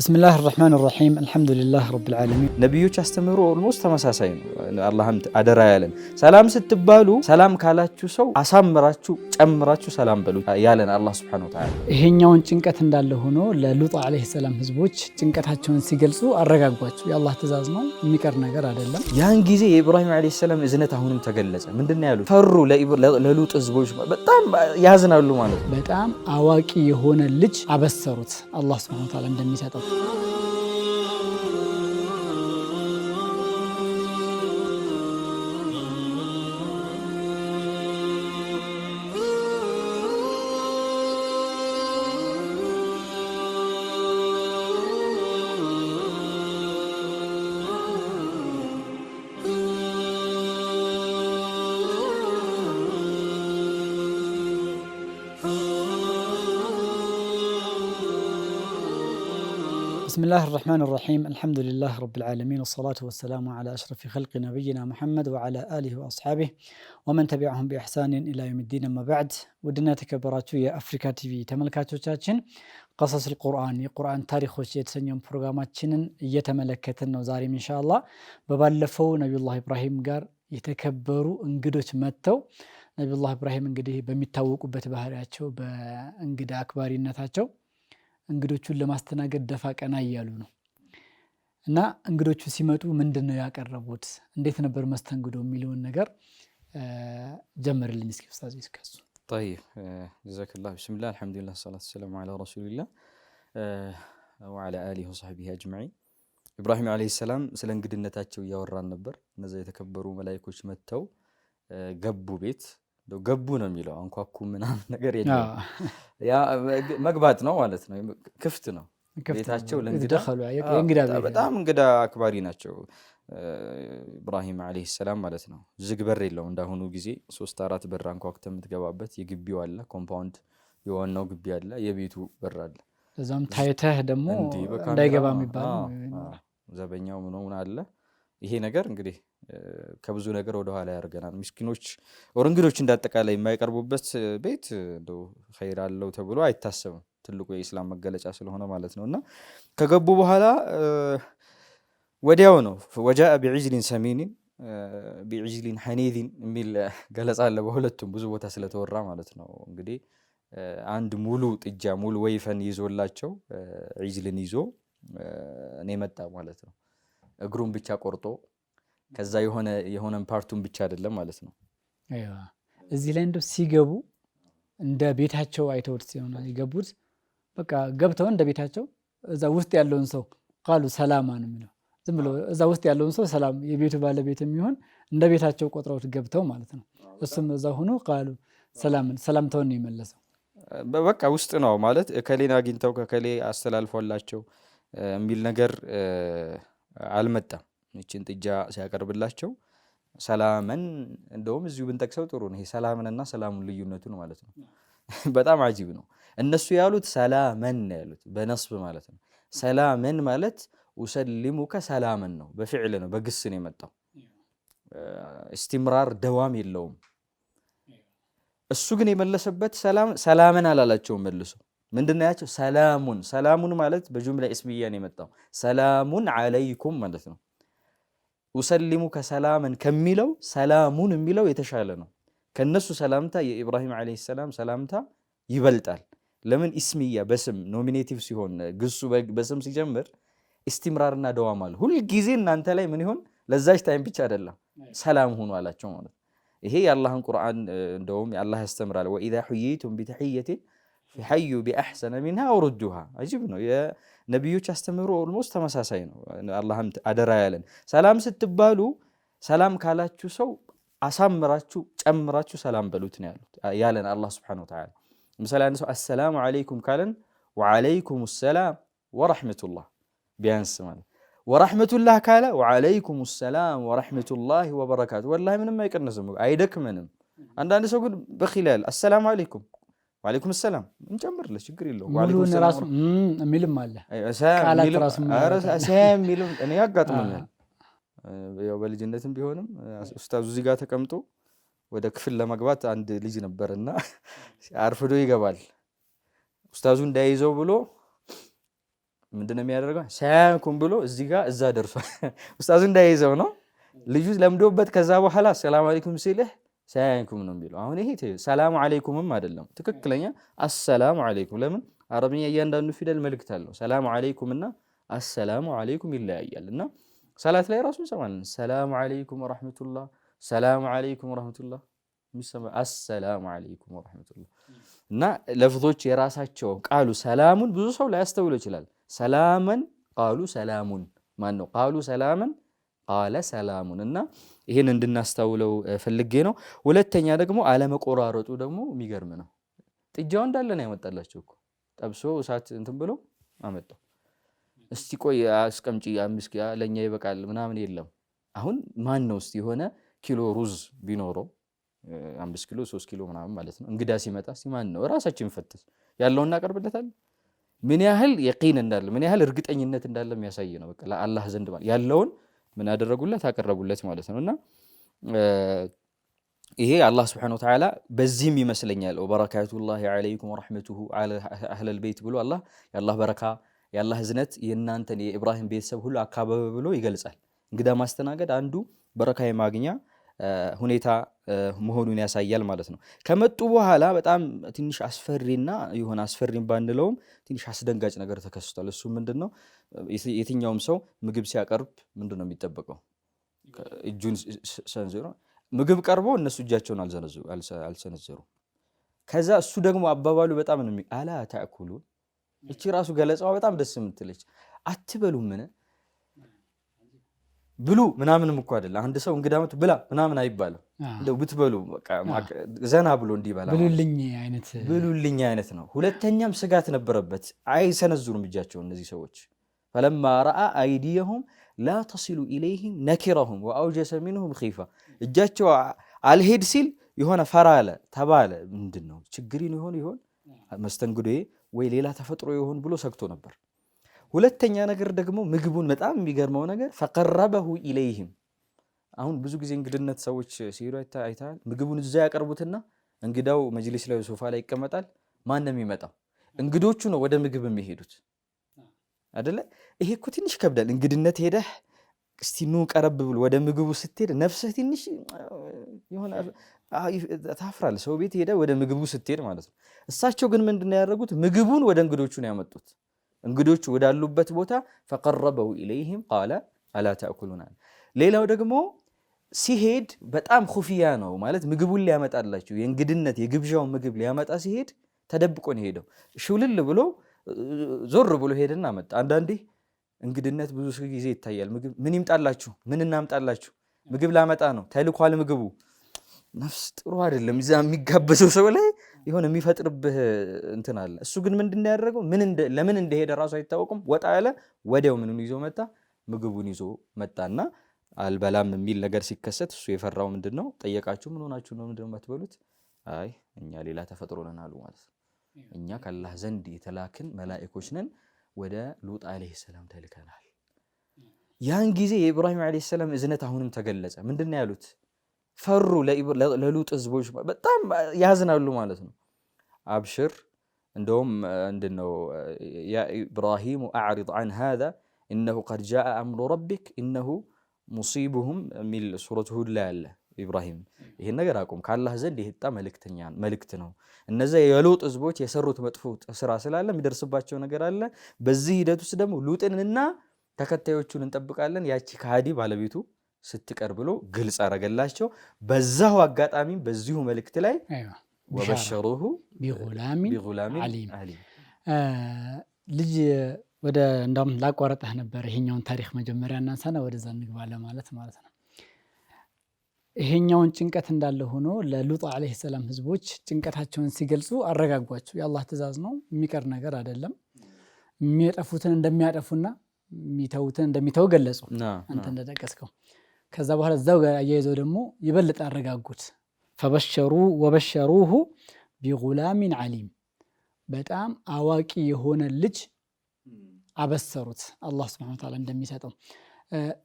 ብስምላህ ራሕማን ራሒም አልሐምዱሊላህ ረብል ዓለሚን። ነቢዮች አስተምህሮ ኦልሞስት ተመሳሳይ ነው። አላህም አደራ ያለን ሰላም ስትባሉ ሰላም ካላችሁ ሰው አሳምራችሁ ጨምራችሁ ሰላም በሉ ያለን አላህ ሱብሓነሁ ወተዓላ። ይሄኛውን ጭንቀት እንዳለ ሆኖ ለሉጥ ዓለይሂ ሰላም ህዝቦች ጭንቀታቸውን ሲገልጹ አረጋጓቸው። የአላህ ትእዛዝ ነው፣ የሚቀር ነገር አይደለም። ያን ጊዜ የኢብራሂም ዓለይሂ ሰላም እዝነት አሁንም ተገለጸ። ምንድን ነው ያሉት? ፈሩ ለሉጥ ህዝቦች በጣም ያዝናሉ ማለት ነው። በጣም አዋቂ የሆነ ልጅ አበሰሩት አላህ ሱብሓነሁ ወተዓላ እንደሚሰጠው Oh. بسم الله الرحمن الرحيم الحمد لله رب العالمين والصلاة والسلام على أشرف خلق نبينا محمد وعلى آله وأصحابه ومن تبعهم بإحسان إلى يوم الدين أما بعد ودنا تكبراتو أفريكا تي في تملكاتو تاتشن قصص القرآن የቁርአን ታሪኮች የተሰኘውን ፕሮግራማችንን الله ነው ዛሬም ኢንሻአላ በባለፈው ነቢዩላህ ኢብራሂም ጋር የተከበሩ እንግዶች መጥተው ነቢዩላህ ኢብራሂም እንግዲህ በሚታወቁበት ባህሪያቸው በእንግዳ አክባሪነታቸው እንግዶቹን ለማስተናገድ ደፋ ቀና እያሉ ነው እና እንግዶቹ ሲመጡ ምንድን ነው ያቀረቡት፣ እንዴት ነበር መስተንግዶ የሚለውን ነገር ጀምርልኝ እስኪ ኡስታዝ። ይስከሱ ጠይብ ጀዛክላ ብስሚላ አልሐምዱላ ሰላት ሰላሙ ላ ረሱልላ ወላ አሊህ ወሳቢህ አጅማዒን። ኢብራሂም ዓለይሂ ሰላም ስለ እንግድነታቸው እያወራን ነበር። እነዚ የተከበሩ መላይኮች መጥተው ገቡ ቤት ገቡ ነው የሚለው አንኳኩ ምናምን ነገር የለም። መግባት ነው ማለት ነው። ክፍት ነው ቤታቸው ለእንግዳ በጣም እንግዳ አክባሪ ናቸው። ኢብራሂም ዓለይሂ ሰላም ማለት ነው። ዝግ በር የለውም። እንዳሁኑ ጊዜ ሶስት አራት በር አንኳኩተ የምትገባበት የግቢው አለ፣ ኮምፓውንድ የዋናው ግቢ አለ፣ የቤቱ በር አለ። እዛም ታይተህ ደግሞ እንዳይገባ የሚባል ዘበኛው ምንሆን አለ ይሄ ነገር እንግዲህ ከብዙ ነገር ወደኋላ ያደርገናል። ምስኪኖች ወር እንግዶች እንዳጠቃላይ የማይቀርቡበት ቤት እንደው ኸይር አለው ተብሎ አይታሰብም። ትልቁ የኢስላም መገለጫ ስለሆነ ማለት ነው። እና ከገቡ በኋላ ወዲያው ነው ወጃአ ቢዕጅሊን ሰሚኒን ቢዕጅሊን ሐኒዚን የሚል ገለጻ አለ። በሁለቱም ብዙ ቦታ ስለተወራ ማለት ነው እንግዲህ አንድ ሙሉ ጥጃ ሙሉ ወይፈን ይዞላቸው ዒጅልን ይዞ እኔ መጣ ማለት ነው። እግሩን ብቻ ቆርጦ ከዛ የሆነ የሆነ ፓርቱን ብቻ አይደለም ማለት ነው። እዚህ ላይ እንደው ሲገቡ እንደ ቤታቸው አይተውት ሲሆነ የገቡት በቃ ገብተው እንደ ቤታቸው እዛ ውስጥ ያለውን ሰው ቃሉ ሰላማ ነው የሚለው ዝም ብሎ እዛ ውስጥ ያለውን ሰው ሰላም የቤቱ ባለቤት የሚሆን እንደ ቤታቸው ቆጥረውት ገብተው ማለት ነው። እሱም እዛ ሆኖ ቃሉ ሰላምን ሰላምታውን ነው የመለሰው። በቃ ውስጥ ነው ማለት እከሌን አግኝተው ከከሌ አስተላልፎላቸው የሚል ነገር አልመጣም። ይችን ጥጃ ሲያቀርብላቸው ሰላመን እንደውም እዚሁ ብንጠቅሰው ጥሩ ነው። ይሄ ሰላምንና ሰላሙን ልዩነቱን ማለት ነው። በጣም አጂብ ነው። እነሱ ያሉት ሰላመን ነው ያሉት በነስብ ማለት ነው። ሰላምን ማለት ኡሰሊሙከ ሰላመን ነው፣ በፊዕል ነው፣ በግስ ነው የመጣው። እስትምራር ደዋም የለውም። እሱ ግን የመለሰበት ሰላመን አላላቸውም መልሶ ምንድን ነው ያቸው? ሰላሙን ሰላሙን ማለት በጁምላ እስምያ ነው የመጣው። ሰላሙን አለይኩም ማለት ነው። ኡሰሊሙከ ሰላመን ከሚለው ሰላሙን የሚለው የተሻለ ነው። ከነሱ ሰላምታ የኢብራሂም ዓለይሂ ሰላም ሰላምታ ይበልጣል። ለምን? ኢስሚያ በስም ኖሚኔቲቭ ሲሆን ግሱ በስም ሲጀምር እስቲምራርና ደዋም አለ። ሁልጊዜ እናንተ ላይ ምን ይሆን? ለዛች ታይም ብቻ አይደለም ሰላም ሁኑ አላቸው ማለት ይሄ የአላህን ቁርአን እንደውም አላህ ያስተምራል። ወኢዛ ሁይቱም ቢተሕየቴን ሐዩ ቢአሕሰነ ሚንሃ አውርዱሃ አጂብ ነው። የነቢዮች አስተምህሮ ኦልሞስት ተመሳሳይ ነው። አላህም አደራ ያለን ሰላም ስትባሉ ሰላም ካላችሁ ሰው አሳምራችሁ ጨምራችሁ ሰላም በሉት ነው ያሉት ያለን አላህ ሱብሓነሁ ወተዓላ። ለምሳሌ አንድ ሰው አሰላሙ ዓለይኩም ካለን ወዓለይኩም ሰላም ወረሕመቱላህ ቢያንስ ማለት ወረሕመቱላህ ካለ ወዓለይኩም ሰላም ወረሕመቱላህ ወበረካቱ። ወላሂ ምንም አይቀንስም አይደክመንም። አንዳንድ ሰው ግን በኺል አሰላሙ ዓለይኩም ወዓለይኩም ሰላም እንጨምርለት ችግር የለውም። የሚልም አለ የሚልም እኔ ያጋጥመኛል። ያው በልጅነትም ቢሆንም ኡስታዙ እዚህ ጋር ተቀምጦ ወደ ክፍል ለመግባት አንድ ልጅ ነበር እና አርፍዶ ይገባል። ኡስታዙ እንዳይይዘው ብሎ ምንድን ነው የሚያደርገው? ሳያኩም ብሎ እዚህ ጋር እዛ ደርሷል። ኡስታዙ እንዳይይዘው ነው ልጁ ለምዶበት። ከዛ በኋላ ሰላም አለይኩም ሲልህ ሳያይኩም ነው የሚለው። አሁን ይሄ ሰላሙ አለይኩምም አይደለም ትክክለኛ አሰላሙ አለይኩም። ለምን አረብኛ እያንዳንዱ ፊደል መልእክት አለው። ሰላሙ አለይኩም እና አሰላሙ አለይኩም ይለያያል። እና ሰላት ላይ ራሱ እንሰማለን። ሰላሙ አለይኩም ወራህመቱላህ፣ ሰላሙ አለይኩም ወራህመቱላህ፣ አሰላሙ አለይኩም ወራህመቱላህ። እና ለፍዞች የራሳቸው ቃሉ ሰላሙን ብዙ ሰው ላያስተውለው ይችላል። ሰላመን ቃሉ ሰላሙን ማን ነው ቃሉ ሰላመን ቃለ ሰላሙን እና ይህን እንድናስተውለው ፈልጌ ነው። ሁለተኛ ደግሞ አለመቆራረጡ ደግሞ የሚገርም ነው። ጥጃው እንዳለ ነው ያመጣላቸው እኮ ጠብሶ እሳት እንትን ብሎ አመጣው። እስቲ ቆይ አስቀምጪ አምስት ለእኛ ይበቃል ምናምን የለም። አሁን ማን ነው እስቲ የሆነ ኪሎ ሩዝ ቢኖረው አምስት ኪሎ ሶስት ኪሎ ምናምን ማለት ነው። እንግዳ ሲመጣ እስቲ ማን ነው እራሳችን ፈትሽ ያለውን እናቀርብለታል። ምን ያህል የቂን እንዳለ ምን ያህል እርግጠኝነት እንዳለ የሚያሳይ ነው። በቃ ለአላህ ዘንድ ያለውን ምን ያደረጉለት አቀረቡለት ማለት ነው እና ይሄ አላህ ስብሐነሁ ወተዓላ በዚህም ይመስለኛል ወበረካቱላሂ ዐለይኩም ወረሕመቱሁ አህለል ቤት ብሎ አላህ የአላህ በረካ የአላህ ህዝነት የእናንተን የኢብራሂም ቤተሰብ ሁሉ አካባቢ ብሎ ይገልጻል። እንግዳ ማስተናገድ አንዱ በረካ የማግኛ ሁኔታ መሆኑን ያሳያል ማለት ነው። ከመጡ በኋላ በጣም ትንሽ አስፈሪና የሆነ አስፈሪ ባንለውም ትንሽ አስደንጋጭ ነገር ተከስቷል። እሱ ምንድን ነው? የትኛውም ሰው ምግብ ሲያቀርብ ምንድን ነው የሚጠበቀው? እጁን ሰንዝሮ ምግብ ቀርቦ እነሱ እጃቸውን አልሰነዘሩ። ከዛ እሱ ደግሞ አባባሉ በጣም ነው አላ ታእኩሉን። እቺ ራሱ ገለጻዋ በጣም ደስ የምትለች አትበሉምን ብሉ ምናምንም እኮ አይደለ። አንድ ሰው እንግዳ መጡ ብላ ምናምን አይባልም። እንደው ብትበሉ ዘና ብሎ እንዲበላ ብሉልኝ አይነት ነው። ሁለተኛም ስጋት ነበረበት። አይሰነዝሩም እጃቸውን እነዚህ ሰዎች። ፈለማ ረአ አይዲየሁም ላ ተሲሉ ኢለይህም ነኪረሁም ወአውጀሰ ሚንሁም ኺፋ። እጃቸው አልሄድ ሲል የሆነ ፈራለ ተባለ። ምንድን ነው ችግሪ ይሆን ይሆን መስተንግዶ ወይ ሌላ ተፈጥሮ ይሆን ብሎ ሰግቶ ነበር። ሁለተኛ ነገር ደግሞ ምግቡን በጣም የሚገርመው ነገር ፈቀረበሁ ኢለይህም። አሁን ብዙ ጊዜ እንግድነት ሰዎች ሲሄዱ አይተሃል። ምግቡን እዛ ያቀርቡትና እንግዳው መጅሊስ ላይ ሶፋ ላይ ይቀመጣል። ማን ነው የሚመጣው? እንግዶቹ ነው ወደ ምግብ የሚሄዱት አደለ? ይሄ እኮ ትንሽ ከብዳል። እንግድነት ሄደህ እስቲ ኑ ቀረብ ብሎ ወደ ምግቡ ስትሄድ ነፍስህ ትንሽ ታፍራል። ሰው ቤት ሄደህ ወደ ምግቡ ስትሄድ ማለት ነው። እሳቸው ግን ምንድን ነው ያደረጉት? ምግቡን ወደ እንግዶቹ ነው ያመጡት። እንግዶች ወዳሉበት ቦታ ፈቀረበው ኢለይህም ቃለ አላ ተእኩሉን ሌላው ደግሞ ሲሄድ በጣም ኩፍያ ነው ማለት ምግቡን ሊያመጣላቸው የእንግድነት የግብዣውን ምግብ ሊያመጣ ሲሄድ ተደብቆ ነው ሄደው ሹልል ብሎ ዞር ብሎ ሄደና መጣ። አንዳንዴ እንግድነት ብዙ ጊዜ ይታያል። ምግብ ምን ይምጣላችሁ፣ ምን እናምጣላችሁ፣ ምግብ ላመጣ ነው ተልኳል ምግቡ ነፍስ ጥሩ አይደለም። እዚያ የሚጋበዘው ሰው ላይ የሆነ የሚፈጥርብህ እንትን አለ። እሱ ግን ምንድን ያደረገው ለምን እንደሄደ ራሱ አይታወቁም ወጣ ያለ ወዲያው ምኑን ይዞ መጣ፣ ምግቡን ይዞ መጣና አልበላም የሚል ነገር ሲከሰት እሱ የፈራው ምንድን ነው? ጠየቃችሁ፣ ምን ሆናችሁ ነው ምንድን ነው አይ እኛ ሌላ ተፈጥሮ ነን አሉ ማለት ነው። እኛ ከአላህ ዘንድ የተላክን መላእኮች ነን፣ ወደ ሉጥ ዓለይሂ ሰላም ተልከናል። ያን ጊዜ የኢብራሂም ዓለይሂ ሰላም እዝነት አሁንም ተገለጸ። ምንድን ነው ያሉት? ፈሩ። ለሉጥ ህዝቦች በጣም ያዝናሉ ማለት ነው። አብሽር እንደውም እንድነው ያ ኢብራሂሙ አዕሪድ አን ሃዛ እነሁ ቀድ ጃአ አምሩ ረቢክ እነሁ ሙሲቡሁም የሚል ሱረት ሁድ ላይ አለ። ኢብራሂም ይህን ነገር አቁም፣ ካላህ ዘንድ ይህ ጣ መልእክተኛ መልእክት ነው። እነዚያ የሉጥ ህዝቦች የሰሩት መጥፎ ስራ ስላለ የሚደርስባቸው ነገር አለ። በዚህ ሂደት ውስጥ ደግሞ ሉጥንና ተከታዮቹን እንጠብቃለን። ያቺ ከሃዲ ባለቤቱ ስትቀር ብሎ ግልጽ አረገላቸው። በዛው አጋጣሚ በዚሁ መልእክት ላይ ወበሸሩሁ ቢጉላሚን ልጅ ወደ እንዳም ላቋረጠህ ነበር። ይሄኛውን ታሪክ መጀመሪያ እናንሳና ወደዛ እንግባ ለማለት ማለት ነው። ይሄኛውን ጭንቀት እንዳለ ሆኖ ለሉጥ ዓለይሂ ሰላም ህዝቦች ጭንቀታቸውን ሲገልጹ አረጋጓቸው። የአላህ ትእዛዝ ነው፣ የሚቀር ነገር አይደለም። የሚያጠፉትን እንደሚያጠፉና የሚተዉትን እንደሚተው ገለጹ። አንተ እንደጠቀስከው ከዛ በኋላ እዛው ጋር አያይዘው ደግሞ ይበልጥ አረጋጉት። ፈበሸሩ ወበሸሩሁ ቢጉላሚን ዓሊም በጣም አዋቂ የሆነ ልጅ አበሰሩት አላህ ሱብሓነሁ ወተዓላ እንደሚሰጠው።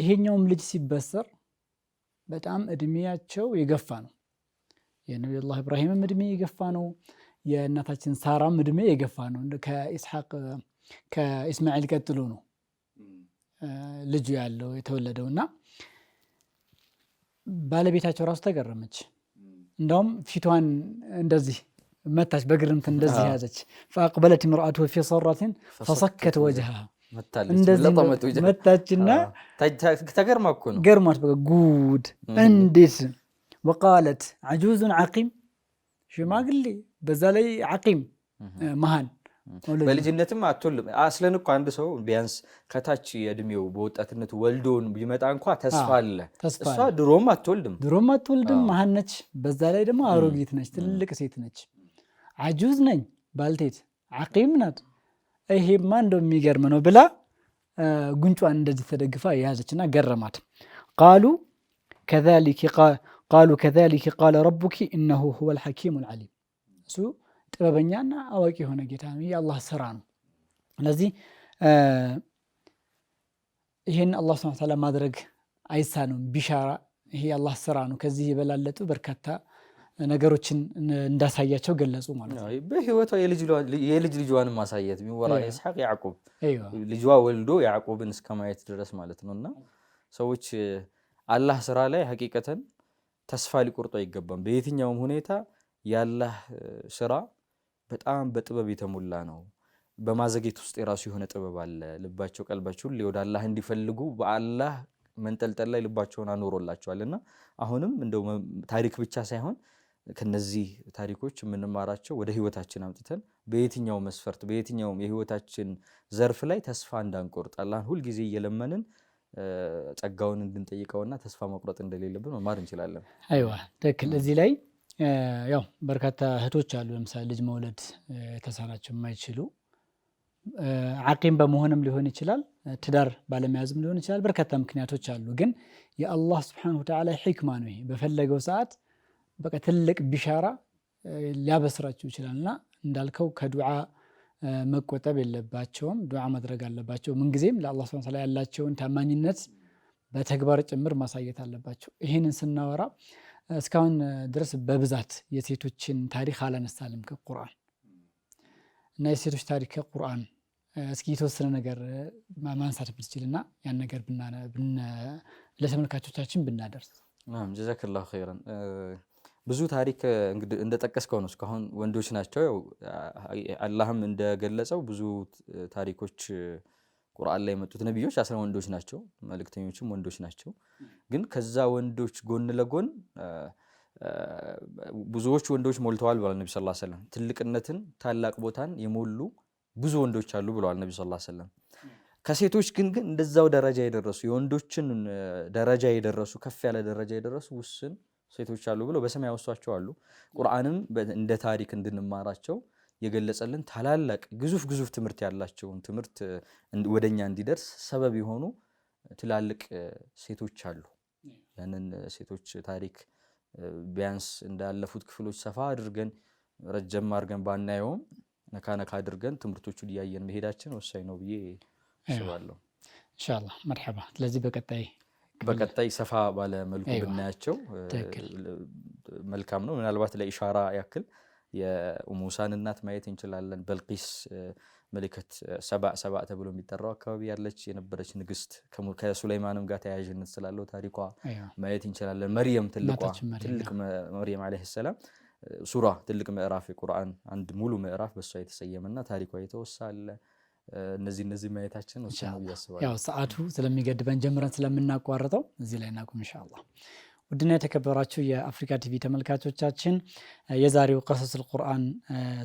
ይሄኛውም ልጅ ሲበሰር በጣም እድሜያቸው የገፋ ነው። የነቢዩላህ ኢብራሂምም እድሜ የገፋ ነው። የእናታችን ሳራም እድሜ የገፋ ነው። ከኢስሐቅ ከኢስማኤል ቀጥሎ ነው ልጁ ያለው የተወለደውና ባለቤታቸው ራሱ ተገረመች። እንደውም ፊቷን እንደዚህ መታች፣ በግርምት እንደዚህ ያዘች። ፈአቅበለት ምርአቱ ፊ ሰራትን ፈሰከት ወጅሃ መታችና ተገርማ እኮ ነው ገርማች። ጉድ እንዴት ወቃለት አጁዙን ዓቂም ሽማግሌ፣ በዛ ላይ ዓቂም መሃን በልጅነትም አትወልም። አስለን እኮ አንድ ሰው ቢያንስ ከታች የእድሜው በወጣትነት ወልዶን ቢመጣ እንኳ ተስፋ አለ። እሷ ድሮም አትወልድም፣ ድሮም አትወልድም። መሀን ነች። በዛ ላይ ደግሞ አሮጊት ነች፣ ትልቅ ሴት ነች። አጁዝ ነኝ፣ ባልቴት አቂም ናት። ይሄማ እንደው የሚገርም ነው ብላ ጉንጯን እንደዚህ ተደግፋ የያዘች እና ገረማት። ቃሉ ከዛሊክ ቃለ ረቡኪ እነሁ ሁወል ሐኪሙል ዓሊም ጥበበኛና አዋቂ የሆነ ጌታ ነው። የአላህ ስራ ነው። ስለዚህ ይህን አላህ ሱብሓነሁ ወተዓላ ማድረግ አይሳነውም። ቢሻራ ይሄ የአላህ ስራ ነው። ከዚህ የበላለጡ በርካታ ነገሮችን እንዳሳያቸው ገለጹ ማለት ነው። በህይወቷ የልጅ ልጅዋን ማሳየት ሚወራ ይስሐቅ ያዕቁብ ልጅዋ ወልዶ ያዕቁብን እስከ ማየት ድረስ ማለት ነው። እና ሰዎች አላህ ስራ ላይ ሀቂቀተን ተስፋ ሊቆርጡ አይገባም። በየትኛውም ሁኔታ የአላህ ስራ በጣም በጥበብ የተሞላ ነው። በማዘጌት ውስጥ የራሱ የሆነ ጥበብ አለ። ልባቸው ቀልባቸው ሁሌ ወደ አላህ እንዲፈልጉ በአላህ መንጠልጠል ላይ ልባቸውን አኖሮላቸዋል እና አሁንም እንደው ታሪክ ብቻ ሳይሆን ከነዚህ ታሪኮች የምንማራቸው ወደ ህይወታችን አምጥተን በየትኛው መስፈርት በየትኛውም የህይወታችን ዘርፍ ላይ ተስፋ እንዳንቆርጥ አላህን ሁልጊዜ እየለመንን ጸጋውን እንድንጠይቀውና ተስፋ መቁረጥ እንደሌለብን መማር እንችላለን። አይዋ ትክክል። እዚህ ላይ ያው በርካታ እህቶች አሉ ለምሳሌ ልጅ መውለድ የተሳናቸው የማይችሉ አቂም በመሆንም ሊሆን ይችላል፣ ትዳር ባለመያዝም ሊሆን ይችላል። በርካታ ምክንያቶች አሉ። ግን የአላህ ስብሓነሁ ወተዓላ ሕክማ ነው። ይሄ በፈለገው ሰዓት በቃ ትልቅ ቢሻራ ሊያበስራቸው ይችላል እና እንዳልከው ከዱዓ መቆጠብ የለባቸውም። ዱዓ ማድረግ አለባቸው። ምንጊዜም ለአላህ ስብሓነሁ ወተዓላ ያላቸውን ታማኝነት በተግባር ጭምር ማሳየት አለባቸው። ይህንን ስናወራ እስካሁን ድረስ በብዛት የሴቶችን ታሪክ አላነሳልም ከቁርአን እና የሴቶች ታሪክ ከቁርአን እስኪ የተወሰነ ነገር ማንሳት ብንችል እና ያን ነገር ለተመልካቾቻችን ብናደርስ። ጀዛክላሁ ኸይረን። ብዙ ታሪክ እንደጠቀስከው ነው። እስካሁን ወንዶች ናቸው። አላህም እንደገለጸው ብዙ ታሪኮች ቁርአን ላይ የመጡት ነቢዮች አስራ ወንዶች ናቸው፣ መልእክተኞችም ወንዶች ናቸው። ግን ከዛ ወንዶች ጎን ለጎን ብዙዎች ወንዶች ሞልተዋል ብሏል ነቢ ዐለይሂ ወሰለም። ትልቅነትን ታላቅ ቦታን የሞሉ ብዙ ወንዶች አሉ ብለዋል ነቢ ዐለይሂ ወሰለም። ከሴቶች ግን ግን እንደዛው ደረጃ የደረሱ የወንዶችን ደረጃ የደረሱ ከፍ ያለ ደረጃ የደረሱ ውስን ሴቶች አሉ ብለው በሰማይ ያወሷቸው አሉ። ቁርአንም እንደ ታሪክ እንድንማራቸው የገለጸልን ታላላቅ ግዙፍ ግዙፍ ትምህርት ያላቸውን ትምህርት ወደኛ እንዲደርስ ሰበብ የሆኑ ትላልቅ ሴቶች አሉ። ያንን ሴቶች ታሪክ ቢያንስ እንዳለፉት ክፍሎች ሰፋ አድርገን ረጀም አድርገን ባናየውም ነካ ነካ አድርገን ትምህርቶቹን እያየን መሄዳችን ወሳኝ ነው ብዬ አስባለሁ። እንሻላ መርሐባ። ስለዚህ በቀጣይ በቀጣይ ሰፋ ባለ መልኩ ብናያቸው መልካም ነው። ምናልባት ለኢሻራ ያክል የሙሳን እናት ማየት እንችላለን። በልቂስ ምልክት ሰባ ሰባ ተብሎ የሚጠራው አካባቢ ያለች የነበረች ንግስት ከሱለይማንም ጋር ተያያዥነት ስላለው ታሪኳ ማየት እንችላለን። መርየም ትልቋ ትልቅ መርየም ዓለይሂ ሰላም ሱራ ትልቅ ምዕራፍ የቁርአን አንድ ሙሉ ምዕራፍ በእሷ የተሰየመና ታሪኳ የተወሳለ እነዚህ እነዚህ ማየታችን ያው ሰዓቱ ስለሚገድበን ጀምረን ስለምናቋርጠው እዚህ ላይ እናቁም ኢንሻአላህ። ውድና የተከበራችሁ የአፍሪካ ቲቪ ተመልካቾቻችን የዛሬው ቀሰሱል ቁርአን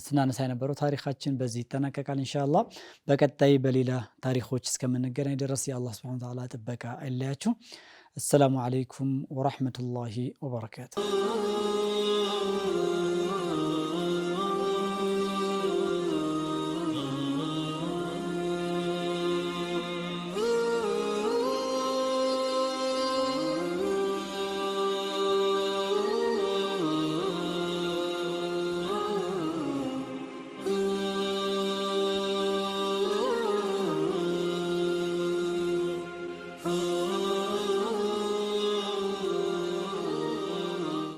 ስናነሳ የነበረው ታሪካችን በዚህ ይጠናቀቃል። እንሻላ በቀጣይ በሌላ ታሪኮች እስከምንገናኝ ድረስ የአላህ ሱብሃነሁ ወተዓላ ጥበቃ አይለያችሁ። አሰላሙ አለይኩም ወራህመቱላሂ ወበረካቱ።